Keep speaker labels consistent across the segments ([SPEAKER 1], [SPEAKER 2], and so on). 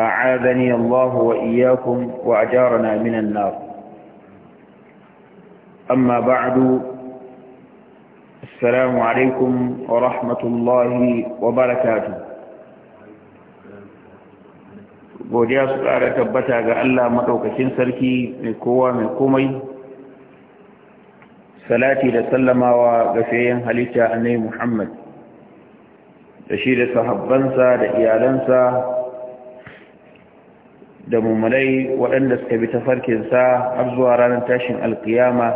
[SPEAKER 1] أعاذني الله وإياكم وأجارنا من النار أما بعد السلام عليكم ورحمة الله وبركاته godiya su ƙara tabbata ga Allah maɗaukacin sarki mai kowa mai komai salati da sallamawa ga fayyan halitta annai Muhammad da shi da sahabbansa da iyalansa da mummunai waɗanda suka bi ta tafarkinsa har zuwa ranar tashin alkiyama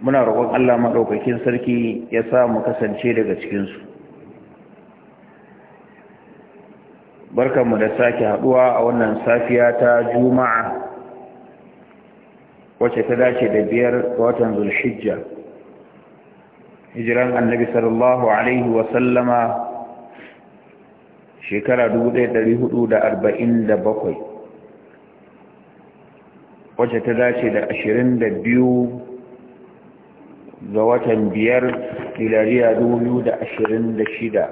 [SPEAKER 1] muna roƙon Allah maɗaukakin sarki ya sa mu kasance daga cikinsu barkanmu da sake haɗuwa a wannan safiya ta juma'a wacce ta dace da biyar ga watan zulhijja hijiran annabi sallallahu alaihi wasallama shekara 1447 wacce ta dace da 22 ga watan biyar da 2026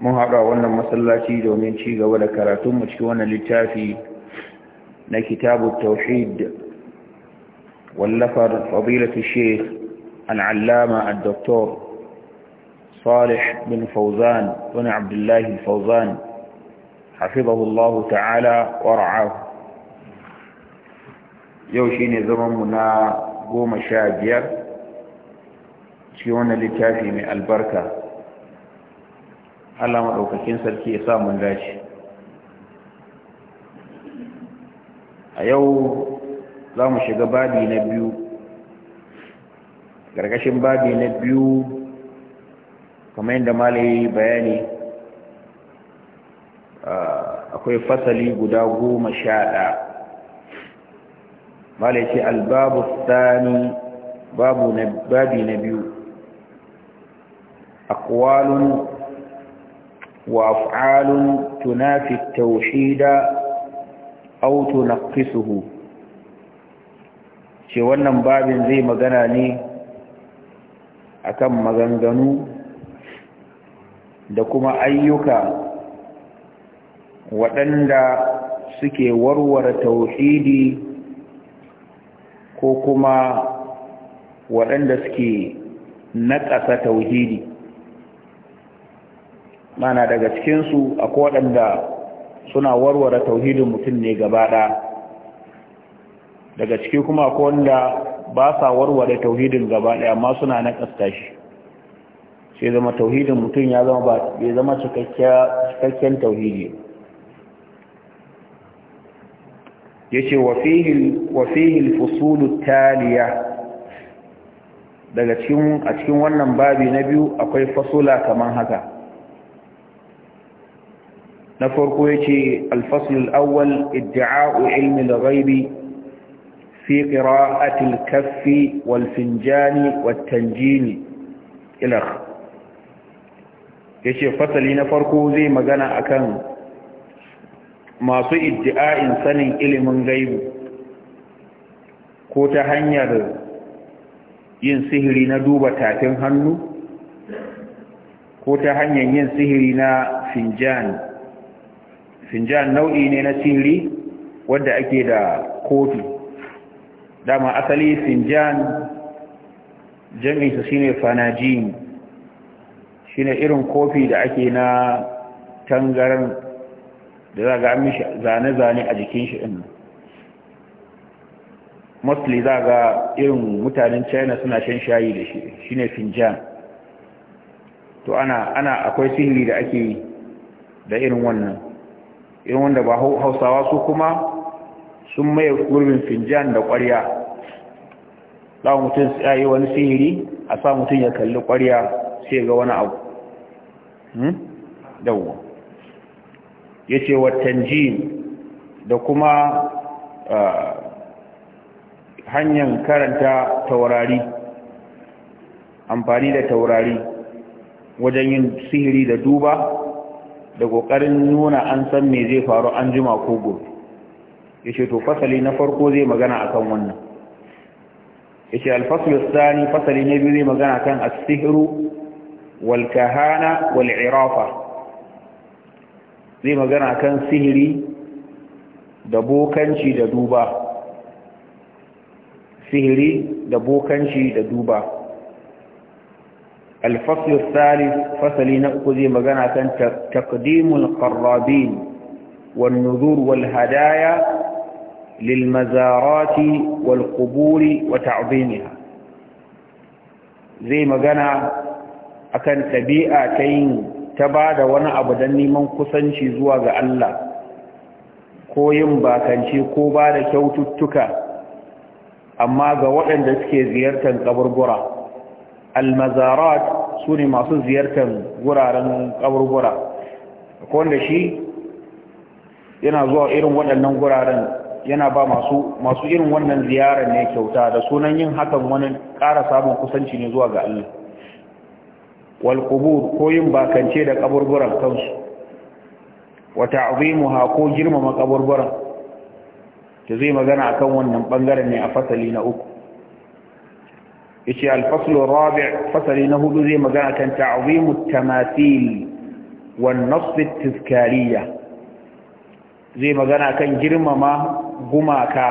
[SPEAKER 1] mun haɗa wannan masallaci domin ci gaba da karatunmu cikin wannan littafi na kitabu tawhid wallafar fadilatu shekh al'allama al-doktor صالح بن فوزان بن عبد الله الفوزان حفظه الله تعالى ورعاه يوشين زممنا قوم شاجر شيون لتافي من البركة الله مدعوككين سلكي إسام داشي a yau za mu shiga babi na biyu ƙarƙashin babi na biyu kamar yadda malayi bayani akwai fasali guda goma sha ɗaya malayi ce albabu sani babu na babi na biyu akwalun wa af'alun tunafi taushida au tunaqisuhu ce wannan babin zai magana ne akan maganganu da kuma ayyuka waɗanda suke warware tauhidi ko kuma waɗanda suke naƙasa tauhidi mana daga cikinsu akwai waɗanda suna warware tauhidin mutum ne gaba daga ciki kuma akwai wanda ba sa warware tauhidin gaba ɗaya amma suna naƙasta shi sai zama tauhidin mutum ya zama bai zama cikakken tauhidi ya ce wafihil fusulu taliya daga a cikin wannan babi na biyu akwai fasula kamar haka na farko ya ce alfasul awwal iddi'a'u ilmi da ghaibi fi qira'atil kaffi walfinjani finjani ilar yace fasali na farko zai magana akan masu iddi'a'in sanin ilimin gaibu ko ta hanyar yin sihiri na duba tafin hannu ko ta hanyar yin sihiri na finjan finjan nau'i ne na sihiri wadda ake da kofi dama asali finjan jami'insa shine fanajini ne irin kofi da ake na tangaran da za ga amishi zane-zane a jikin shi ɗin mostly za ga irin mutanen china suna shan shayi da shi ne finjan to ana ana akwai sihiri da ake yi da irin wannan irin wanda ba hausawa su kuma sun maye gurbin finjan da ƙwarya za mutum ya yi wani sihiri a sa mutum ya kalli ƙwarya sai ga wani abu Hmm? yawwa yace ji da kuma ah, hanyar karanta taurari amfani da taurari wajen yin sihiri da duba da kokarin nuna an san me zai faru an jima ko gobe yace to fasali na farko zai magana akan wannan yace al-fasl fasali na biyu zai magana kan as-sihru walkahana wal'irafa zai magana kan sihiri da bokanci da duba sihiri da bokanci da duba alfasul salif fasali na uku zai magana kan takdimul karrabin wannuzur walhadaya, wal hadaya wata mazarati wal wa zai magana akan ɗabi'a ta yin ta ba da wani abu don neman kusanci zuwa ga Allah ko yin bakance ko ba da kyaututtuka amma ga waɗanda suke ziyartar kaburbura almazarat su ne masu ziyartar wuraren kaburbura ko wanda shi yana zuwa irin waɗannan wuraren yana ba masu masu irin wannan ziyarar ne kyauta da sunan yin hakan wani ƙara samun kusanci ne zuwa ga Allah wal ko yin bakance da kaburburan kansu wa ta'zimuha ko girmama kaburburan ta zai magana a kan wannan ɓangaren ne a fasali na uku yace al-faslu rabi' fasali na hudu zai magana kan ta'zimu tamathil wan nass at zai magana kan girmama gumaka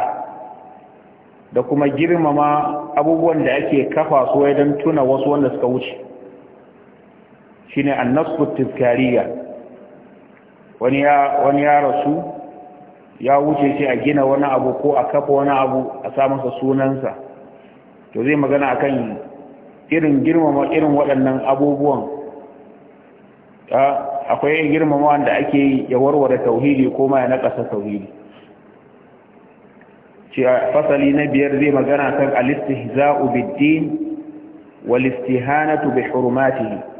[SPEAKER 1] da kuma girmama abubuwan da ake kafa su don tuna wasu wanda suka wuce shine annasbu tizkariya wani ya wani ya rasu ya wuce shi a gina wani abu ko a kafa wani abu a sa masa sunansa to zai magana akan irin girmama irin waɗannan abubuwan akwai girmama wanda ake ya warware tauhidi ko ma ya nakasa tauhidi cewa fasali na biyar zai magana kan alistihza'u biddin wal istihanatu bi hurmatihi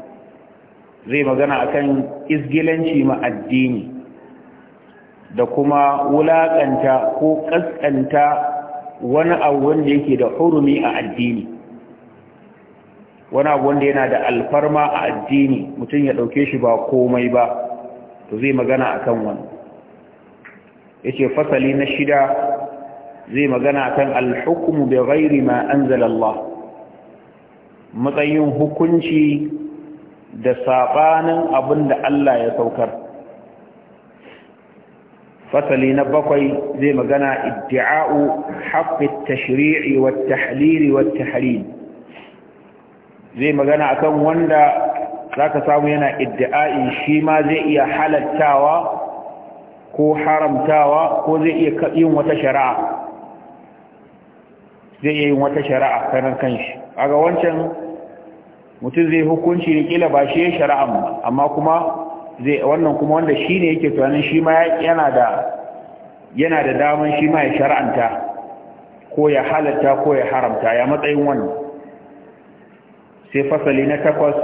[SPEAKER 1] zai magana akan izgilanci ma addini da kuma wulakanta ko kaskanta wani abu wanda yake da hurumi a addini wani abu wanda yana da alfarma a addini mutum ya dauke shi ba komai ba to zai magana akan wani yace fasali na shida zai magana akan al-hukmu bi ma Anzalallah. matsayin hukunci da sabanin abin da Allah ya saukar fasali na bakwai zai magana iddi'a'u haqqi tashri'i wa tahlili wa tahrim zai magana akan wanda zaka samu yana iddi'a'i shi ma zai iya halattawa ko haramtawa ko zai iya yin wata shari'a zai iya yin wata shari'a kanan kanshi aga wancan mutum zai hukunci ne kila ba shi ya shari'a amma kuma zai wannan kuma wanda shi ne yake tunanin shi ma yana da yana da daman shi ma ya shari'anta ko ya halatta ko ya haramta ya matsayin wannan sai fasali na takwas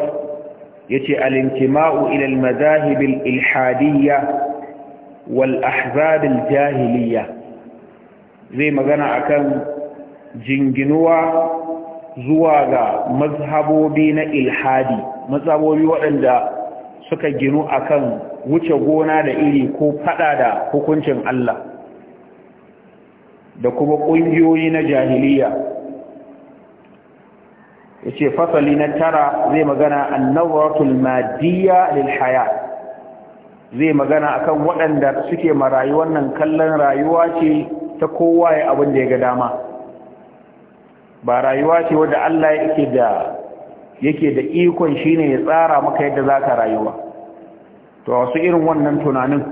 [SPEAKER 1] ya ce alintima'u ilal mazahibil ilhadiyya wal ahzabil jahiliya zai magana akan jinginuwa zuwa ga mazhabobi na ilhadi mazhabobi waɗanda suka ginu akan wuce gona da iri ko fada da hukuncin Allah da kuma ƙungiyoyi na jahiliya yace fasali na tara zai magana annawatul madiyya lil zai magana akan waɗanda suke ma wannan kallon rayuwa ce ta kowa ya abin da ya ga dama ba rayuwa ce wadda Allah yake da yake da ikon shine ya tsara maka yadda zaka rayuwa to wasu irin wannan tunanin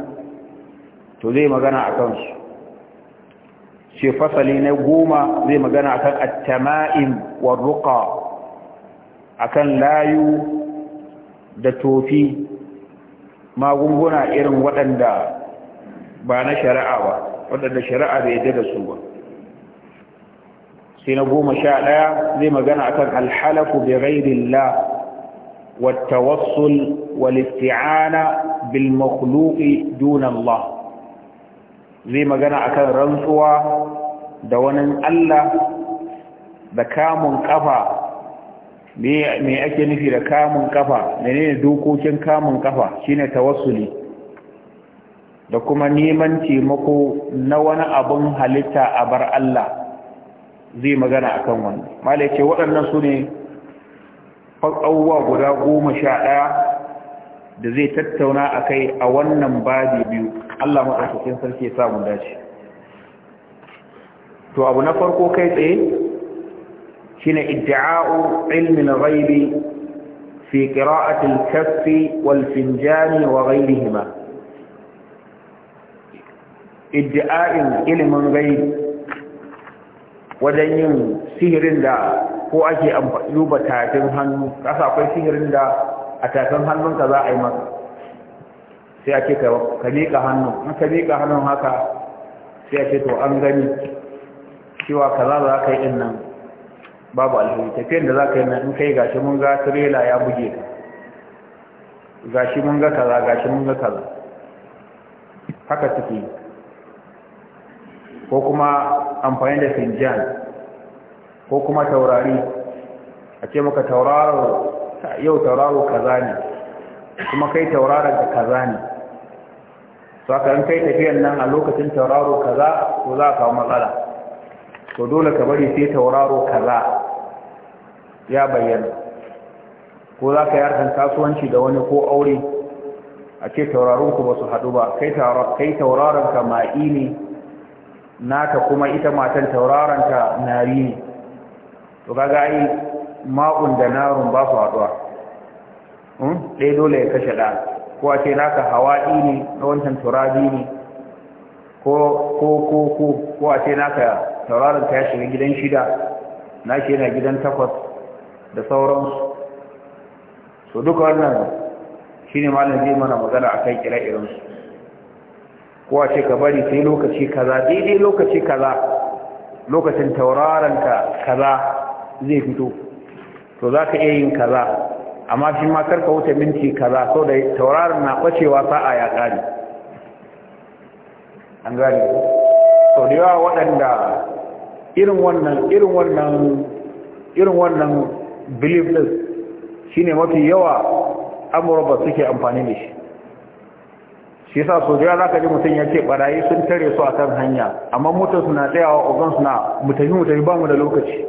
[SPEAKER 1] to zai magana akan su ce fasali na goma zai magana akan at-tama'im war-ruqa akan layu da tofi magunguna irin waɗanda ba na shari'a ba waɗanda shari'a bai yarda da su ba sai na goma sha ɗaya zai magana akan alhalafu bi ghairillah wa tawassul wal bil makhluqi duna Allah zai magana akan rantsuwa da wani Allah da kamun kafa me ake nufi da kamun kafa menene dokokin kamun kafa shine tawassuli da kuma neman taimako na wani abun halitta a bar Allah zai magana akan wannan mala ce waɗannan su ne abubuwa guda goma sha ɗaya da zai tattauna a kai a wannan babi biyu allah matsakaikin sarki ya samu dace to abu na farko kai tsaye shine iddi'a'u ilmin ghaibi fi qira'ati al-kaff wa ghayrihima iddi'a'in ilmin ghaibi wajen yin sihirin da ko ake duba tafin hannu kasa akwai sihirin da a tafin hannunka za a yi masa sai ake ka miƙa hannun in ka miƙa hannun haka sai ake to an gani cewa kaza za ka yi in nan babu alhuri tafiyan da za ka yi nan in kai gashi mun ga tirela ya buge ka gashi mun ga kaza gashi mun ga kaza haka suke ko kuma amfani da finjan ko kuma taurari a ce maka tauraro yau tauraro kaza ne kuma kai tauraron ka kaza ne to aka in kai tafiyan nan a lokacin tauraro kaza ko za a kawo matsala to dole ka bari sai tauraro kaza ya bayyana ko za ka yi kasuwanci da wani ko aure a ce tauraron ku ba su haɗu ba kai tauraron ka ma'i ne naka kuma ita matan tauraronta nari ne to kaga ai ma'un da narun ba su haɗuwa hmm? ɗaya dole ya kashe ɗa ko a ce naka hawaɗi ne na wancan turabi ne ko ko ko ko ko a ce naka tauraronta ya shiga gidan shida na shi yana gidan takwas da sauransu so duka wannan shine malam zai mana magana akan kira irinsu ko ce ka bari sai lokaci kaza daidai lokaci kaza lokacin tauraronka kaza zai fito to za ka iya yin kaza amma shi ma karka wuta minti kaza so da taurarin na kwacewa sa'a ya ƙari an gani so da yawa waɗanda irin wannan irin wannan irin wannan belief shi shine mafi yawa amurba suke amfani da shi shi yasa so da zaka ji mutum ya ce barayi sun tare su akan hanya amma motar suna tsayawa ogan suna mutane mutane ba mu da lokaci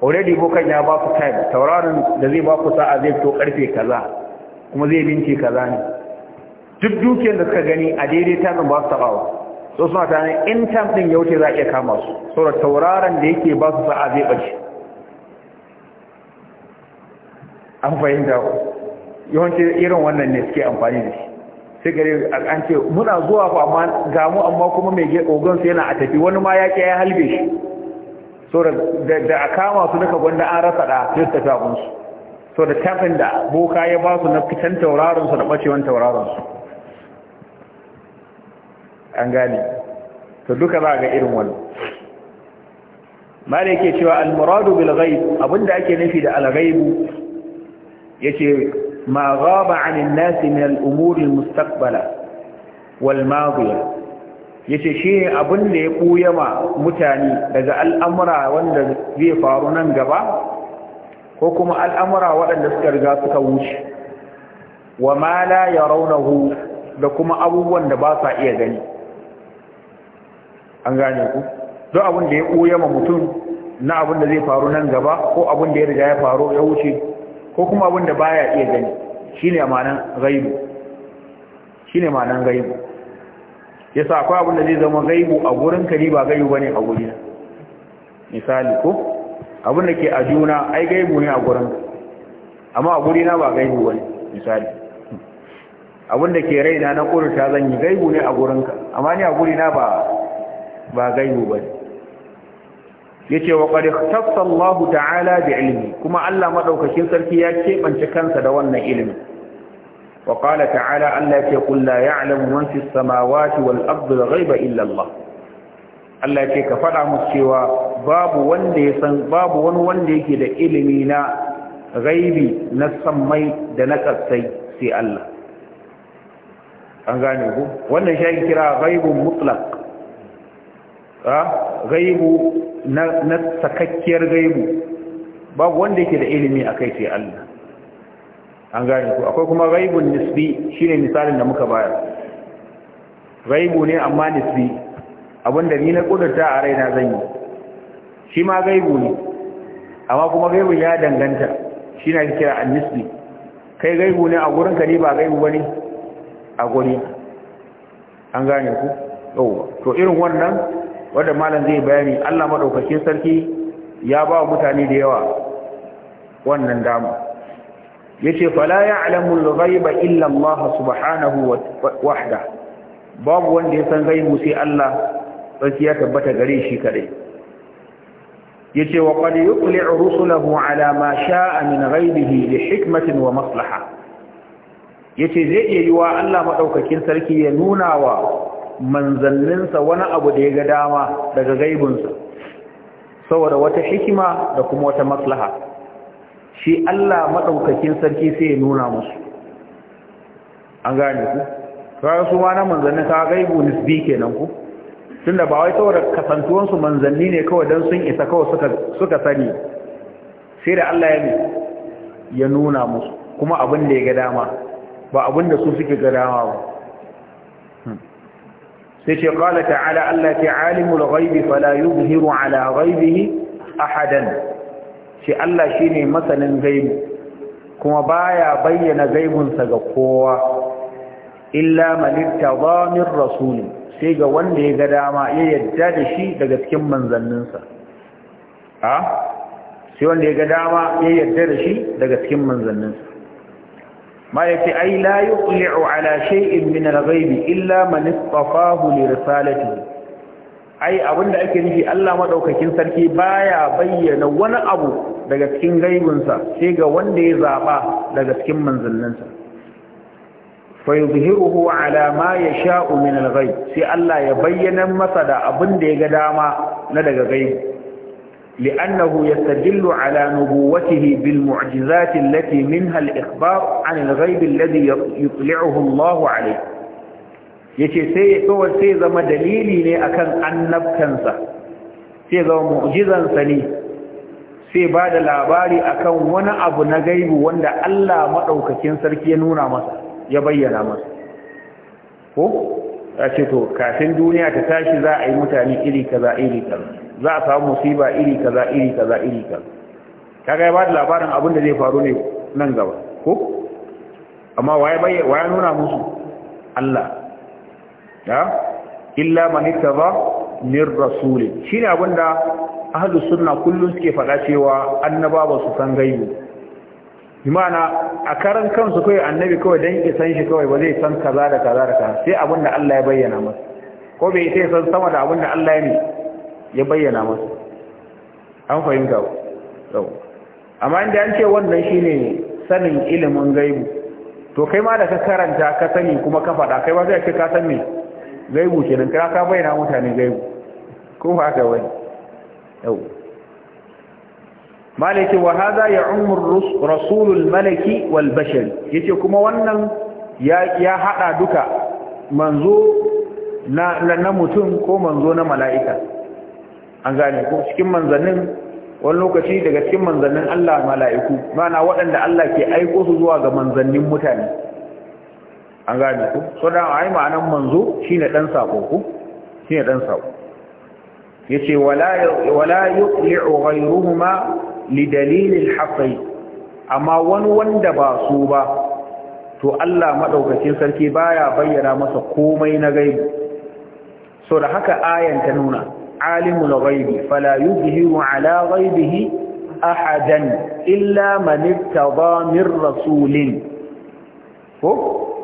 [SPEAKER 1] already bokan ya ba ku time tauraron da zai ba ku sa'a zai to karfe kaza kuma zai binci kaza ne duk dukiyar da suka gani a daidai ta ba su tabawa so suna ta ne in time din ya wuce za a iya kama su saboda tauraron da yake ba su sa'a zai bace an fahimta yawanci irin wannan ne suke amfani da shi sai gare an ce muna zuwa fa amma ga mu amma kuma mai ge ogon sai yana a tafi wani ma yake ya halbe shi so da a kama su duka gwanda an rasa da sai su tafi abun su so da tafin da boka ya ba su na fitan tauraron su da bacewan tauraron su an gane to duka za ga irin wani mala yake cewa al-muradu bil ghaib abinda ake nufi da al-ghaibu yace ما غاب عن الناس من الأمور المستقبلة والماضية yace shi ne abin da ya ɓuya ma mutane daga al'amura wanda zai faru nan gaba ko kuma al'amura waɗanda suka riga suka wuce wa ma la ya raunahu da kuma abubuwan da ba sa iya gani an gane ku don abin da ya ɓuya ma mutum na abin da zai faru nan gaba ko abin da ya riga ya faru ya wuce ko kuma abin da baya iya gani shine ma'anan ghaibu shine ma'anan ghaibu yasa akwai abin da zai zama ghaibu a gurin kari ba ba ne a gurina misali ko abin da ke a juna ai ghaibu ne a gurin amma a gurina ba ghaibu bane misali abin da ke raina na kurta zan yi ghaibu ne a gurinka amma ni a gurina ba ba ghaibu bane yace wa qad ikhtassa Allah ta'ala bi ilmi kuma Allah madaukakin sarki ya kebance kansa da wannan ilimi wa qala ta'ala Allah yace qul la ya'lamu man fis samawati wal ardi ghaiba illa Allah Allah yace ka fada musu cewa babu wanda ya san babu wani wanda yake da ilimi na ghaibi na sammai da na kasai sai Allah an gane ku wannan shi kira ghaibun mutlaq gaibu na sakakkiyar gaibu babu wanda yake da ilimi a kai sai Allah an gane ku akwai kuma gaibun nisbi shine misalin da muka bayar gaibu ne amma nisbi abinda ni na kudurta a raina zan yi shi ma gaibu ne amma kuma gaibu ya danganta shi na kira annisbi kai gaibu ne a gurin ne ba gaibu bane a guri an gane ku to irin wannan wanda malam zai bayani Allah maɗaukakin sarki ya ba mutane da yawa wannan dama yace fala ya'lamu al-ghaiba illa Allah subhanahu wahda babu wanda ya san gaibu sai Allah Sarki ya tabbata gare shi kadai yace wa qad yuqli'u rusulahu ala ma sha'a min ghaibihi li hikmatin wa maslaha yace zai iya yiwa Allah madaukakin sarki ya nuna wa manzanninsa wani abu da ya ga dama daga gaibinsa saboda wata hikima da kuma wata maslaha shi Allah maɗaukakin sarki sai ya nuna musu an gane ku kawai su ma na manzannin ka gaibu nisbi kenan ku tunda ba wai saboda kasantuwansu manzanni ne kawai don sun isa kawai suka sani sai da Allah ya ya nuna musu kuma abin da ya ga dama ba abin da su suke ga dama ba sai ce qala ta'ala Allah ke alimul ghaibi fala yuzhiru ala ghaibihi ahadan shi Allah shine masanin gaibi kuma baya bayyana gaibunsa ga kowa illa man ittaba min rasuli sai ga wanda ya ga dama ya yadda da shi daga cikin ah? sai wanda ya ga dama ya yadda da shi daga cikin manzanninsa ma yace ai la yuqli'u ala shay'in min al-ghaibi illa man istafahu li risalatihi abinda ake nufi Allah madaukakin sarki baya bayyana wani abu daga cikin gaibinsa sai ga wanda ya zaba daga cikin manzanninsa fa yuzhiruhu ala ma yasha'u min al sai Allah ya bayyana masa da abinda ya ga dama na daga gaibi لأنه يستدل على نبوته بالمعجزات التي منها الإخبار عن الغيب الذي يطلعه الله عليه yace sai ya sai zama dalili ne akan annabkansa. sai zama mu'jizansa ne sai ba da labari akan wani abu na gaibu wanda Allah maɗaukakin sarki ya nuna masa ya bayyana masa ko ya ce to kafin duniya ta tashi za a yi mutane iri kaza iri kaza za a samu musiba iri kaza iri kaza iri kaza kaga ya ba da labarin abin da zai faru ne nan gaba ko amma waya nuna musu Allah ya illa man ittaba min rasul shine abinda ahlus suna kullum suke faɗa cewa annaba ba su san gaibu imana a karan kansu kai annabi kawai don ki san shi kawai ba zai san kaza da kaza da kaza sai abinda Allah ya bayyana masa ko bai sai san sama da abinda Allah ya ne ya bayyana masu an fahimta yau amma inda an ce wannan shine sanin ilimin gaibu to kai ma da ka karanta ka sani kuma ka faɗa kai ba zai ce ka san me gaibu nan kai ka bayyana mutane gaibu ko ba haka wani yau malaki wa ya umar rasulul malaki wal bashari yace kuma wannan ya ya hada duka manzo na mutum ko manzo na mala'ika an gane ko cikin manzannin wani lokaci daga cikin manzannin Allah mala'iku mana waɗanda Allah ke aiko su zuwa ga manzannin mutane an gane ku. so da ai ma'anar manzo shi shine dan sako ko shine dan sako yace wala wala yuqli'u ghayruhuma lidalil al-haqqi amma wani wanda ba su ba to Allah madaukakin sarki baya bayyana masa komai na gaibi so da haka ayanta nuna عالم ghaibi fala يظهر ala غيبه ahadan illa من irtada من rasulin ko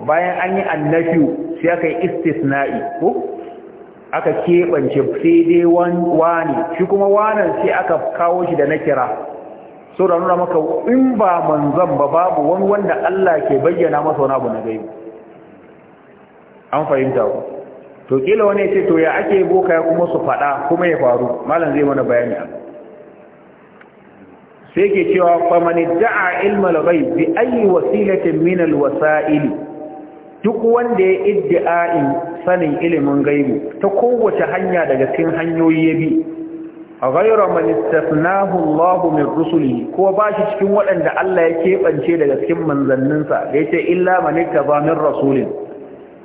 [SPEAKER 1] bayan an yi annafi sai aka yi istisna'i ko aka keɓance sai dai wani shi kuma wanan sai aka kawo shi da na kira so da nuna maka in ba manzon ba babu wani wanda Allah ke bayyana masa wani abu na gaibu an fahimta ku to kila wani ce to ya ake boka ya kuma su fada kuma ya faru malam zai mana bayani sai ke cewa faman da'a ilma lagai bi ayi wasilatin min alwasaili duk wanda ya iddi'a'in sanin ilimin gaibu ta kowace hanya daga cikin hanyoyi ya bi A man istafnahu Allah min rusuli, ko ba shi cikin waɗanda Allah ya keɓance daga cikin manzanninsa da yace illa man ittaba min rasulin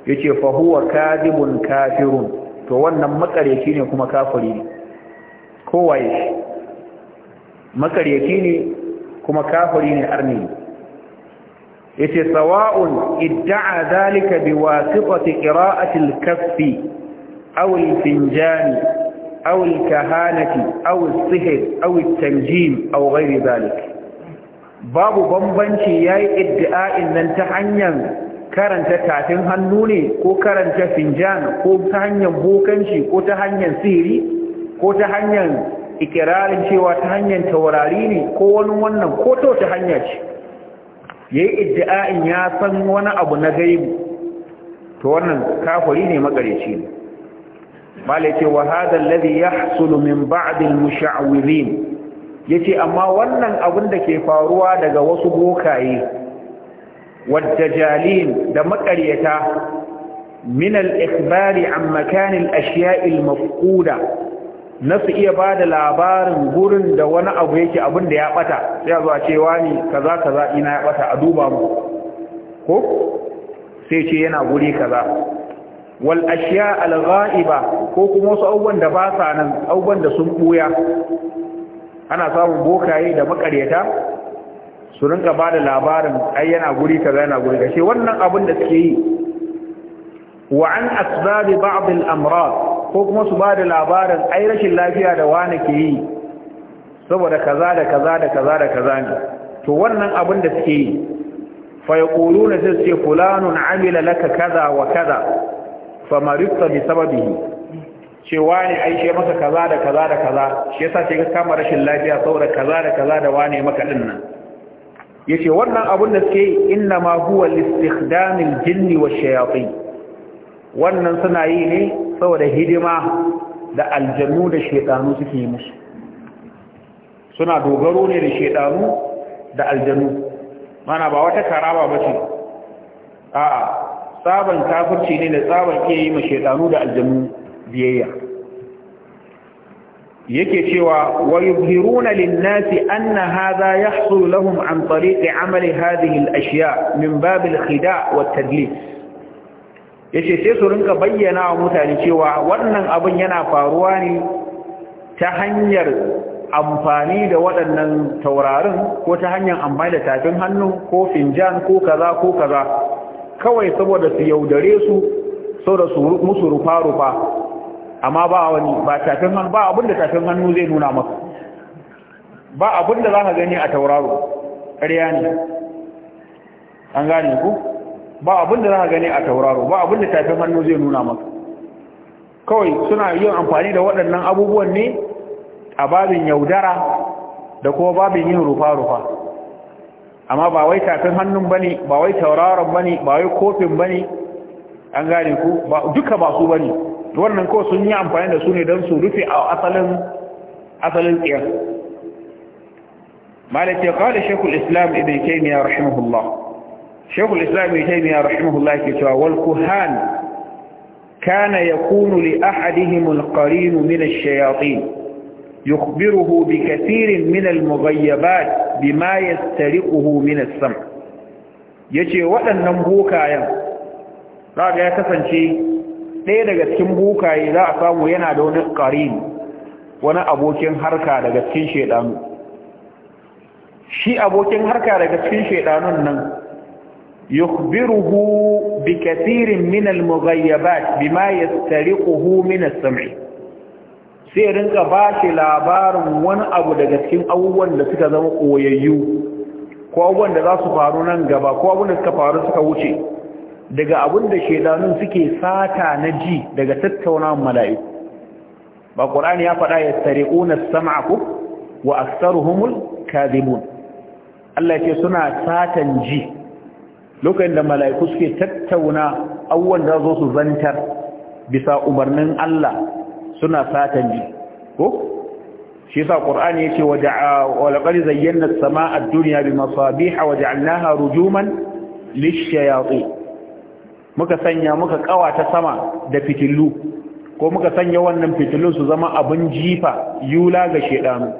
[SPEAKER 1] yace fa huwa kadibun kafirun to wannan makareci ne kuma kafiri ne kowaye shi makareci ne kuma kafiri ne arni yace sawa'un idda'a zalika biwasitati qira'ati al-kaffi aw al-finjani aw al-kahanati aw as-sihr aw at-tanjim aw ghayri zalika babu bambanci yayi iddi'a'in nan ta hanyar karanta tafin hannu ne ko karanta finjan ko ta hanyar bokanci ko ta hanyar sihiri ko ta hanyar ikirarin cewa ta hanyar taurari ne ko wani wannan ko ta wata hanya ce ya yi iddia'in ya san wani abu na gaibu to wannan kafari ne magareci ne malai ce wa hadal ladhi yahsulu min ba'd al Ya yace amma wannan abin da ke faruwa daga wasu bokaye والدجالين ده مقريتا من الإخبار عن مكان الأشياء المفقودة nasu iya ba da labarin gurin da wani abu yake abin da ya bata sai zuwa cewa ne kaza kaza ina ya bata a duba mu ko sai ce yana guri kaza wal al ghaiba ko kuma wasu abubuwan da basa nan abubuwan da sun buya ana samun bokaye da makaryata su rinka ba da labarin ai yana guri kaza yana guri kashe wannan abin da suke yi wa an asbabi ba'd al-amrad ko kuma su ba da labarin ai rashin lafiya da wani ke yi saboda kaza da kaza da kaza da kaza ne to wannan abin da suke yi fa yaquluna sai ce fulanun amila laka kaza wa kaza famarista bi sababihi cewa ne ai she maka kaza da kaza da kaza shi yasa ce ka kama rashin lafiya saboda kaza da kaza da wane maka din yace wannan abun da suke inna ma huwa listikhdamil jinni washayatin wannan suna yi ne saboda hidima da aljannu da shedanu suke yi musu suna dogaro ne da shedanu da aljannu mana ba wata karaba ba ce. a'a tsaban kafirci ne da tsaban ke yi ma shedanu da aljannu biyayya yake cewa wa yuzhiruna lin-nasi anna hadha yahsulu lahum an tariqi 'amali hadhihi al-ashya min bab al-khida' wat-tadlis yace sai su rinka bayyana wa mutane cewa wannan abun yana faruwa ne ta hanyar amfani da waɗannan taurarin ko ta hanyar amfani da tafin hannu ko finjan ko kaza ko kaza kawai saboda su yaudare su saboda su musu rufa-rufa amma ba wani ba tafin hannu ba abinda tafin hannu zai nuna maka ba abinda za ka gani a tauraro ƙarya ne an gane ku ba abinda za ka gani a tauraro ba abinda tafin hannu zai nuna maka kawai suna yin amfani da waɗannan abubuwan ne a babin yaudara da kuma babin yin rufa-rufa amma ba wai tafin hannun ba ne ba wai tauraron ba ne ba wai kofin ba ne an gane ku duka ba su ne wannan ko sun yi amfani da su ne don su rufe a asalin asalin tsiyar malaka ya kawo da shekul islam ibn taimiyya rahimahullah shekul islam ibn taimiyya rahimahullah ke cewa wal kuhan kana yakunu li ahadihim alqarin min ash-shayatin يخبره بكثير من المغيبات بما min من السمع yace waɗannan bokayen zaga ya kasance ɗaya daga cikin bukaye za a samu yana da wani ƙarin wani abokin harka daga cikin shaidanu shi abokin harka daga cikin shaidanun nan yukbiruhu bi kathirin min al-mughayyabat bima yastariquhu min as-sam'i sai rinka ba shi labarin wani abu daga cikin abubuwan da suka zama koyayyu ko abubuwan da za su faru nan gaba ko abubuwan da suka faru suka wuce daga abin da shaidanun suke sata na ji daga tattaunawan mala'iku ba ƙur'ani ya faɗa ya tari'una sama'aku wa aksaruhumul kadhibun Allah ce suna satan ji lokacin da mala'iku suke tattauna abubuwan da zo su zantar bisa umarnin Allah suna satan ji ko shi yasa qur'ani yace wa laqad zayyana as duniya ad-dunya bi masabih wa annaha, rujuman lish muka sanya muka ta sama da fitillu ko muka sanya wannan fitilun su zama abin jifa yula ga shedanu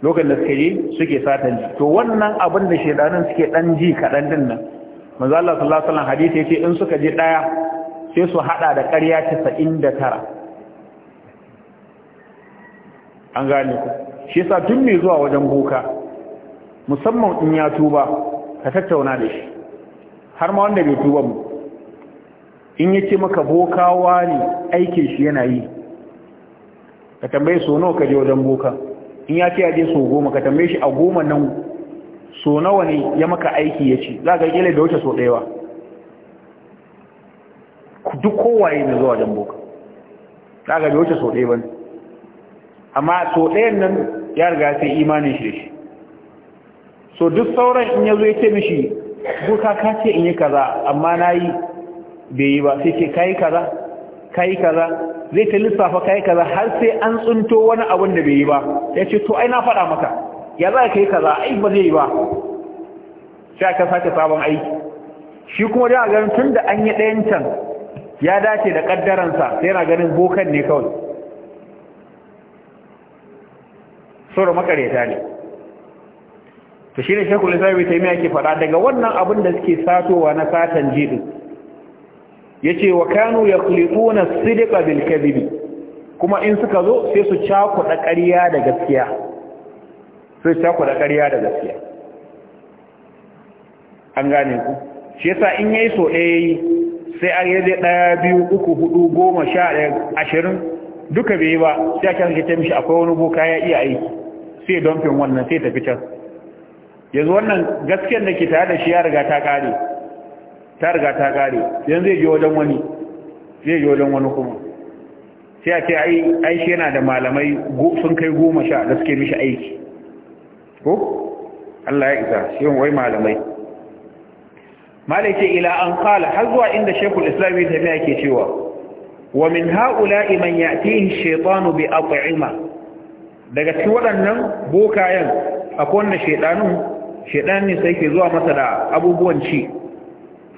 [SPEAKER 1] lokacin da suke yi suke satan ji to wannan abin da shedanun suke dan ji kadan din nan manzo Allah sallallahu alaihi wasallam hadisi yace in suka ji daya sai su hada da ƙarya 99 an gane ku shi yasa tun mai zuwa wajen boka musamman in ya tuba ka tattauna da shi har ma wanda bai tuba mu in yace maka bokawa ne aikin shi yana yi ka tambaye so nawa ka wajen boka in ya ce aje so goma ka tambaye shi a goma nan so nawa ne ya maka aiki ya ce za ka kila da wuce so ɗaya duk kowaye ne zuwa wajen boka za ka da wuce so ɗaya ba amma so ɗayan nan ya riga sai imanin shi da shi so duk sauran in ya zo ya ce mishi boka ka ce in yi kaza amma na yi bai yi ba sai ce kai kaza kai kaza zai ta lissafa kai kaza har sai an tsunto wani abin da bai yi ba ya ce to ai na faɗa maka ya za ka yi kaza ai ba zai yi ba sai aka sake sabon aiki shi kuma da ganin tun da an yi ɗayan can ya dace da ƙaddaransa sai yana ganin bokan ne kawai sauran makareta ne to shine shekul islam bai taimiya ke faɗa daga wannan abin da suke satowa na satan jidin yace wa kanu yaqlifuna as-sidqa bil kadhib kuma in suka zo sai su da ƙarya da gaskiya sai su da ƙarya da gaskiya an gane ku shi yasa in yayi so ɗaya sai a yaje ɗaya biyu uku hudu goma sha ɗaya ashirin duka bai yi ba sai a kyan shi ta mishi akwai wani boka ya iya aiki sai donfin wannan sai tafi can yanzu wannan gaskiyar da ke tare da shi ya riga ta kare ta riga ta gare yanzu zai je wajen wani zai je wajen wani kuma sai a ce ai shi yana da malamai sun kai goma sha da suke mishi aiki ko Allah ya isa shi wai malamai malai ce ila an qala har zuwa inda shekul islami ta mai yake cewa wa min ha'ula man ya'tihi shaytanu bi at'ima daga cikin waɗannan bokayen akwai wanda shaytanu shaytan ne sai ke zuwa masa da abubuwan ci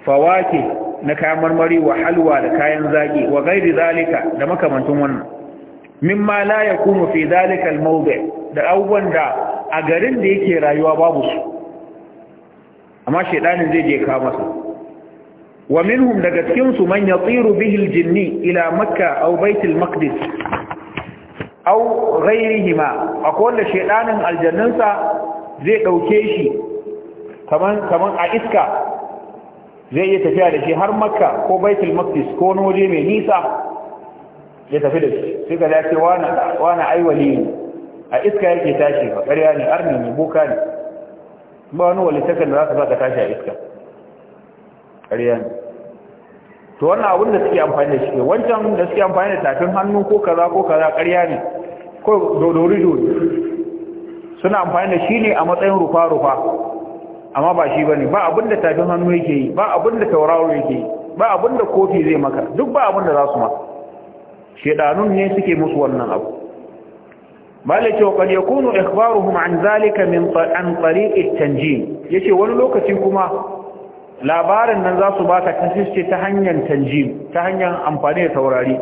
[SPEAKER 1] fawake na kayan marmari wa halwa da kayan zaki wa gairi zalika da makamantun wannan mimma la yakunu fi zalika al-mawdi da abubuwan da a garin da yake rayuwa babu su amma shedanin zai je kawo masa wa minhum daga cikin su man yatiru bihi al-jinni ila makka aw bait al-maqdis aw ghayrihima akwai wanda shedanin aljannansa zai dauke shi kaman kaman a iska zai iya tafiya da shi har makka ko baitul maqdis ko wani waje mai nisa ya tafi da shi sai ka dace wani wani aiwali ne a iska yake tashi ba ƙarya ne arni ne boka ne ba wani walitakan da za ka baka tashi a iska ƙarya ne to wannan abin da suke amfani da shi wancan da suke amfani da tafin hannu ko kaza ko kaza ƙarya ne ko dodori dodori suna amfani da shi ne a matsayin rufa-rufa amma ba shi ne, ba abin da tafin hannu yake yi ba abin da tauraro yake yi ba abin da kofi zai maka duk ba abin da za su ma shedanun ne suke musu wannan abu malaka wa qad yakunu ikhbaruhum an zalika min an tsari tanji. Ya yace wani lokacin kuma labarin nan za su baka ta hanyar tanji, ta hanyar amfani da taurari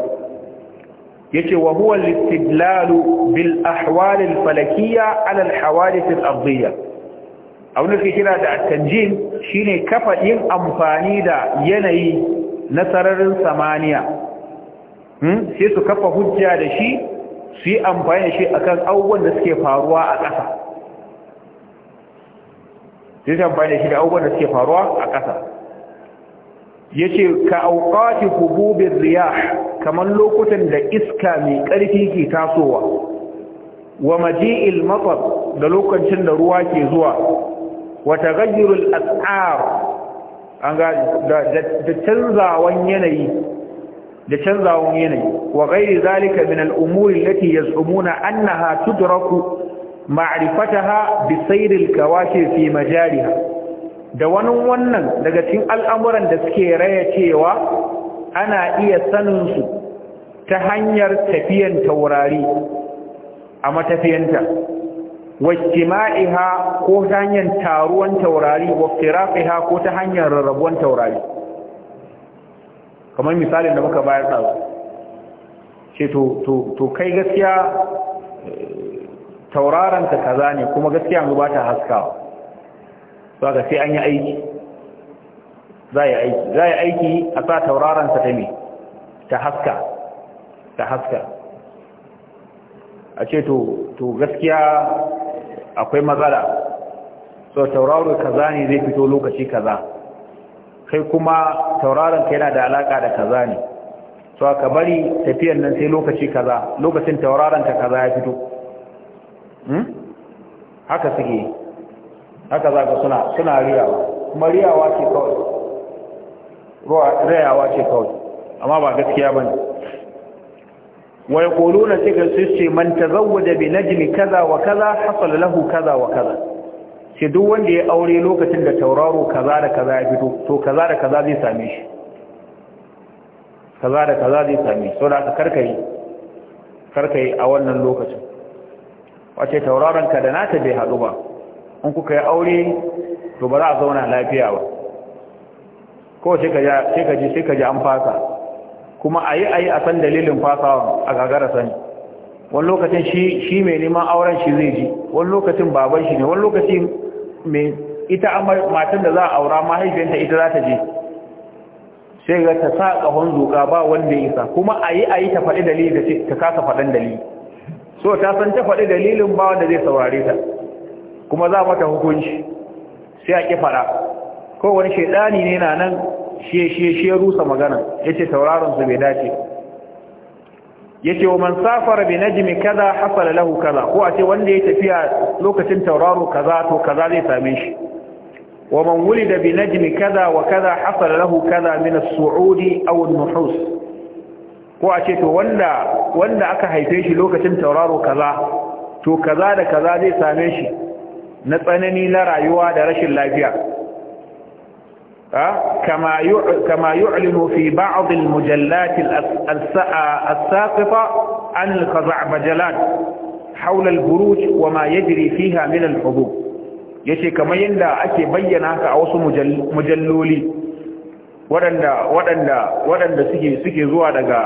[SPEAKER 1] yace wa huwa al bil ahwal al-falakiyya alal al-hawadith abin da ke kira da tanjin shine kafa yin amfani da yanayi na sararin samaniya hmm? sai su kafa hujja da shi su yi amfani da shi akan abubuwan da suke faruwa a ƙasa sai su amfani da shi da abubuwan da suke faruwa a ƙasa ya ce ka auƙati hububin riya kamar lokutan da iska mai ƙarfi ke tasowa wa maji'il matsar da lokacin da ruwa ke zuwa wa as'ar an ga da canzawan yanayi da canzawan yanayi wa ghairi zalika min al-umuri allati annaha tudraku ma'rifataha bi sayr al-kawakib fi majaliha da wani wannan daga cikin al'amuran da suke raya cewa ana iya sanin su ta hanyar tafiyan taurari a matafiyanta wajtima'iha ko ta hanyar taruwan taurari wa firaqiha ko ta hanyar rarrabuwan taurari kamar misalin da muka bayar da ce to to to kai gaskiya eh, tauraron ta kaza ne kuma gaskiya mu ba ta haskawa ga sai an yi aiki za yi aiki yi aiki a sa tauraron ta ta me ta haska ta haska a ce to to gaskiya akwai matsala so tauraro kaza ne zai fito lokaci kaza kai kuma tauraron ka yana da alaka da kaza ne so ka bari tafiyan nan sai lokaci kaza lokacin tauraron ka kaza ya fito hmm? haka suke haka za ka suna suna riyawa kuma riyawa ce kawai riyawa ce kawai amma ba gaskiya ba ne wa yaquluna sai ga su ce man tazawwaja bi najmi kaza wa kaza hasala lahu kaza wa kaza sai duk wanda ya aure lokacin da tauraro kaza da kaza ya fito to kaza da kaza zai same shi kaza da kaza zai same shi saboda ka karkai karkai a wannan lokacin wace tauraron ka da nata bai haɗu ba in kuka yi aure to ba za a zauna lafiya ba ko sai ka ji an fasa kuma a yi a yi a san dalilin fasawa a gagara sani wani lokacin shi mai neman auren shi zai ji wani lokacin baban shi ne wani lokacin mai ita matan da za a aura mahaifiyarta ita za ta je sai ga ta sa ƙahon zuka ba wanda ya isa kuma a yi a yi ta faɗi dalilin da ta kasa faɗin dalilin. so ta san ta faɗi dalilin ba wanda zai saurare ta kuma za mata hukunci sai a ƙi faɗa ko wani shaidani ne na nan shi shi shi rusa magana yace tauraron su bai dace yace wa man safara bi najmi kaza hasala lahu kaza ko a ce wanda ya tafiya lokacin tauraro kaza to kaza zai same shi wa man wulida bi najmi kaza wa kaza hasala lahu kaza min as-su'udi aw an-nuhus ko a ce to wanda wanda aka haife shi lokacin tauraro kaza to kaza da kaza zai same shi na tsanani na rayuwa da rashin lafiya كما كما يعلن في بعض المجلات الساقطة عن الخزعبجلات حول البروج وما يجري فيها من الحبوب yace kamar yadda ake bayyana haka a wasu mujalloli waɗanda suke zuwa daga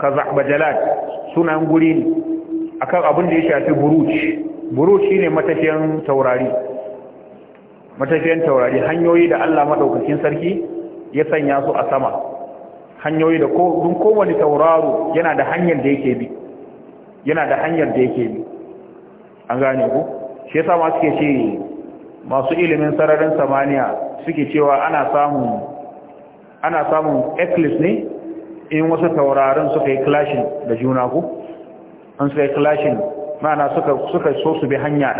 [SPEAKER 1] khaza'bajalat sunan guri akan abin da ya shafi buruj buruj shine matashin taurari matafiyan taurari hanyoyi da Allah maɗaukakin sarki ya sanya su a sama hanyoyi da ko dun kowane tauraro yana da hanyar da yake bi yana da hanyar da yake bi an gane ku shi yasa ma suke ce masu ilimin sararin samaniya suke cewa ana samun ana samun eclipse ne in wasu taurarin suka yi clashing da juna ku an suka yi clashing ma'ana suka suka so su bi hanya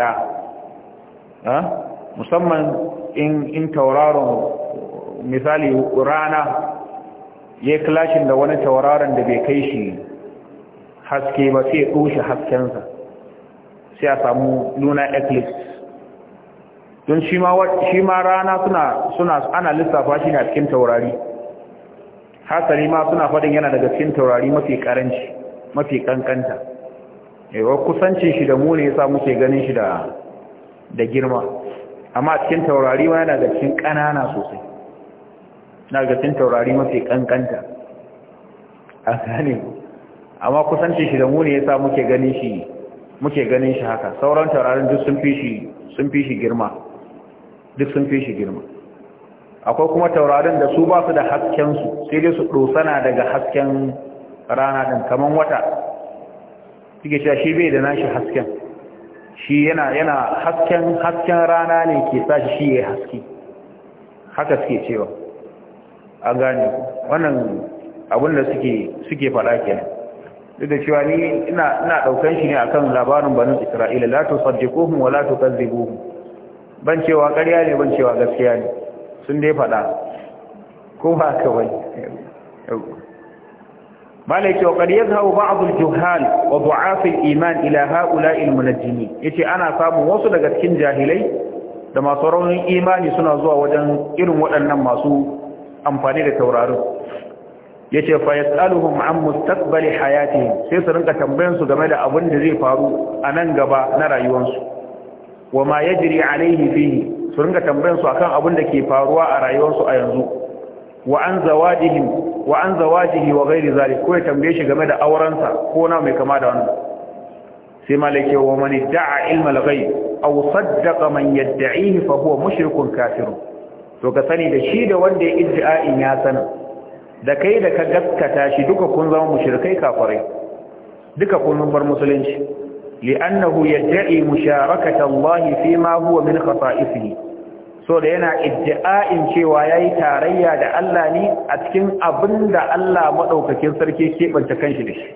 [SPEAKER 1] ɗaya ah? musamman in tauraron misali rana ya klashin da wani tauraron da bai kai shi haske ba sai ɗushe haskensa sai a samu nuna eclipse don shi ma rana suna ana lissafa shi ne a cikin taurari hasari ma suna faɗin yana daga cikin taurari mafi karanci mafi ƙanƙanta yawa eh, kusancin shi da mu ne yasa muke ganin shi da da girma amma cikin taurari ma yana da cikin ƙanana sosai na ga cikin taurari mafi ƙanƙanta a gane amma kusanci shi da mu ne ya sa muke ganin shi muke ganin shi haka sauran taurarin duk sun fi shi sun fi shi girma duk sun fi shi girma akwai kuma taurarin da su ba su da hasken su sai dai su dosana daga hasken rana din kaman wata suke cewa shi bai da nashi hasken shi yana yana hasken hasken rana ne ke sa shi shi ya haske haka suke cewa a gane wannan abin da suke suke fada kenan duk da cewa ni ina ina daukan shi ne akan labarin banu Isra'ila la tusaddiquhum wa la tukazzibuhum ban cewa ƙarya ne ban cewa gaskiya ne sun dai faɗa ko haka wai malai cewa qad yazhabu ba'd al-juhal wa du'af iman ila haula al ya yace ana samun wasu daga cikin jahilai da masu raunin imani suna zuwa wajen irin waɗannan masu amfani da taurarin yace fa yasaluhum an mustaqbali hayati sai su rinka tambayan game da abin da zai faru a nan gaba na rayuwarsu wa ma yajri alaihi fihi su rinka tambayan akan abin da ke faruwa a rayuwarsu a yanzu wa an wa an zawajihi wa ghairi zalik ko ya tambaye shi game da aurensa ko na mai kama da wannan sai malaka wa man da'a ilma al-ghaib aw saddaqa man yad'ihi fa huwa mushrikun kafirun to ka sani da shi da wanda ya iddi'a'in ya sana da kai da ka gaskata shi duka kun zama mushrikai kafirai duka kun bar musulunci li'annahu yad'i musharakata Allah fi ma huwa min khasa'isihi so da yana iddi'a'in cewa yayi tarayya da Allah ne a cikin abinda Allah maɗaukakin sarki ke bance kanshi da shi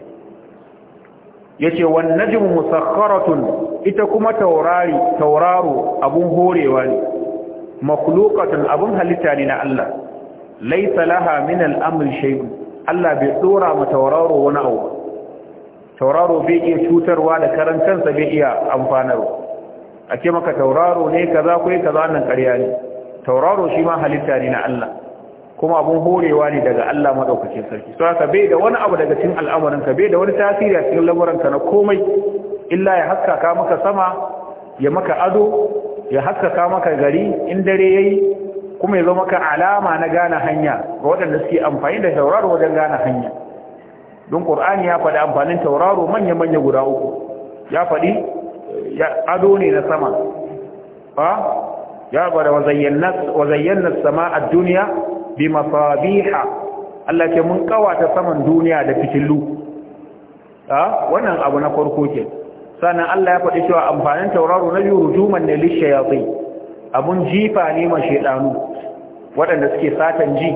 [SPEAKER 1] yace wan najmu musakharatun ita kuma taurari tauraro abin horewa ne makhluqatun abin halitta ne na Allah laysa laha min al Allah bai tsora mu tauraro wani abu tauraro bai iya cutarwa da karan kansa bai iya amfanarwa Ake maka tauraro ne kaza ko kaza nan ƙarya ne tauraro shi ma halitta ne na Allah kuma abun horewa ne daga Allah madaukakin sarki so haka bai da wani abu daga cikin al'amuran ka bai da wani tasiri a cikin lamuran ka na komai illa ya haskaka maka sama ya maka ado ya haskaka maka gari in dare yayi kuma ya zo maka alama na gane hanya ga waɗanda suke amfani da tauraro wajen gane hanya don Qur'ani ya faɗi amfanin tauraro manya-manya guda uku ya faɗi ado ne na sama ya gwada wazayyannar sama a duniya bi masabiha Allah ce mun kawata saman duniya da fitillu wannan abu na farko ke sannan Allah ya faɗi cewa amfanin tauraro na biyu rujuman ne lishayatsi abun jifa ne ma waɗanda suke satan ji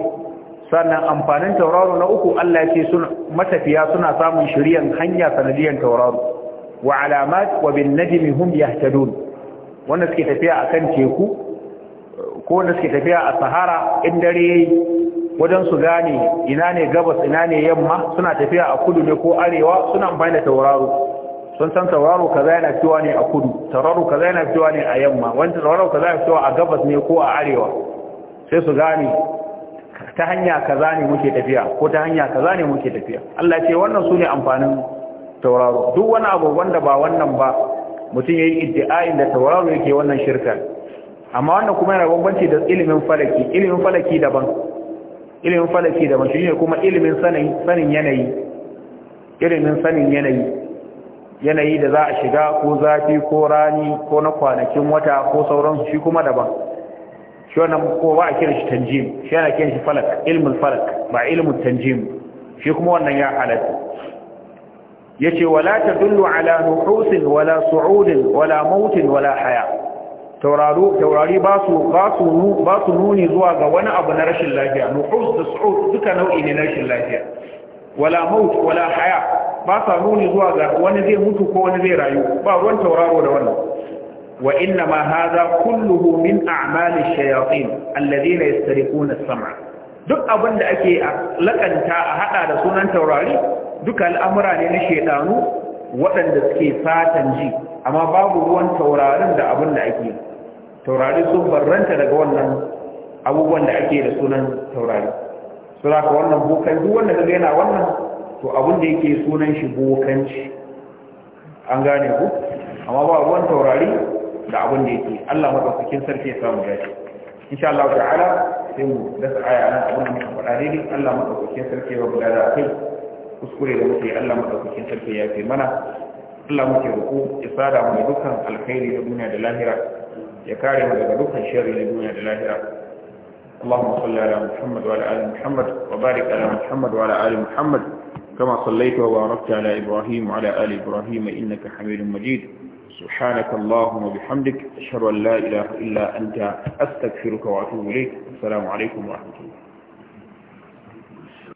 [SPEAKER 1] sannan amfanin tauraro na uku Allah ya ce matafiya suna samun shiryan hanya sanadiyan tauraro wa alamat wa bin najmi hum yahtadun wanda suke tafiya akan teku ko wanda suke tafiya a sahara in dare yayi wajen su gane ina ne gabas ina ne yamma suna tafiya a kudu ne ko arewa suna amfani da tauraro sun san tauraro kaza yana fitowa ne a kudu tauraro kaza yana fitowa ne a yamma wanda tauraro kaza yana fitowa a gabas ne ko a arewa sai su gane ta hanya kaza ne muke tafiya ko ta hanya kaza ne muke tafiya Allah ce wannan su ne amfanin tauraro duk wani abu wanda ba wannan ba mutum ya yi iddi'ayin da tauraro yake wannan shirka amma wannan kuma yana bambanci da ilimin falaki ilimin falaki daban ilimin falaki daban shi ne kuma ilimin sanin yanayi ilimin sanin yanayi yanayi da za a shiga ko zafi ko rani ko na kwanakin wata ko sauransu shi kuma daban shi wannan ko ba a kira shi tanjim shi yana kiran shi falak ilmul falak ba ilmul tanjim shi kuma wannan ya halatta Ya ce, wala ta tadullu ala nuhusin wala su'udin wala mautin wala haya taurari ba su nuni zuwa ga wani abu na rashin lafiya nuhus da su'ud duka nau'i ne na rashin lafiya wala maut wala haya ba sa nuni zuwa ga wani zai mutu ko wani zai rayu ba ruwan tauraro da wannan wa inna ma hadha kulluhu min a'mali ash-shayatin alladhina yastariquna as-sam'a duk abin da ake lakanta a hada da sunan taurari duka al'amura ne na shaidanu waɗanda suke satan ji amma babu ruwan taurarin da abin da ake taurari sun barranta daga wannan abubuwan da ake da sunan taurari su ka wannan bokan duk wanda kaga yana wannan to abin da yake sunan shi bokanci an gane ku amma ba ruwan taurari da abin da yake Allah madaukakin sarki ya samu dace insha Allah ta'ala sai mu dasa aya nan abin da muka faɗa daidai Allah madaukakin sarki ya bada kai kuskure da muke Allah madaukakin sarki ya fi mana Allah muke roƙo ya sada mu dukkan alkhairi na duniya da lahira ya kare mu daga dukkan sharri na duniya da lahira اللهم صل على محمد وعلى ال محمد وبارك على محمد وعلى ال محمد كما صليت وباركت على إبراهيم وعلى آل إبراهيم إنك حميد مجيد سبحانك اللهم وبحمدك أشهد أن لا إله إلا أنت أستغفرك وأتوب إليك السلام عليكم ورحمة الله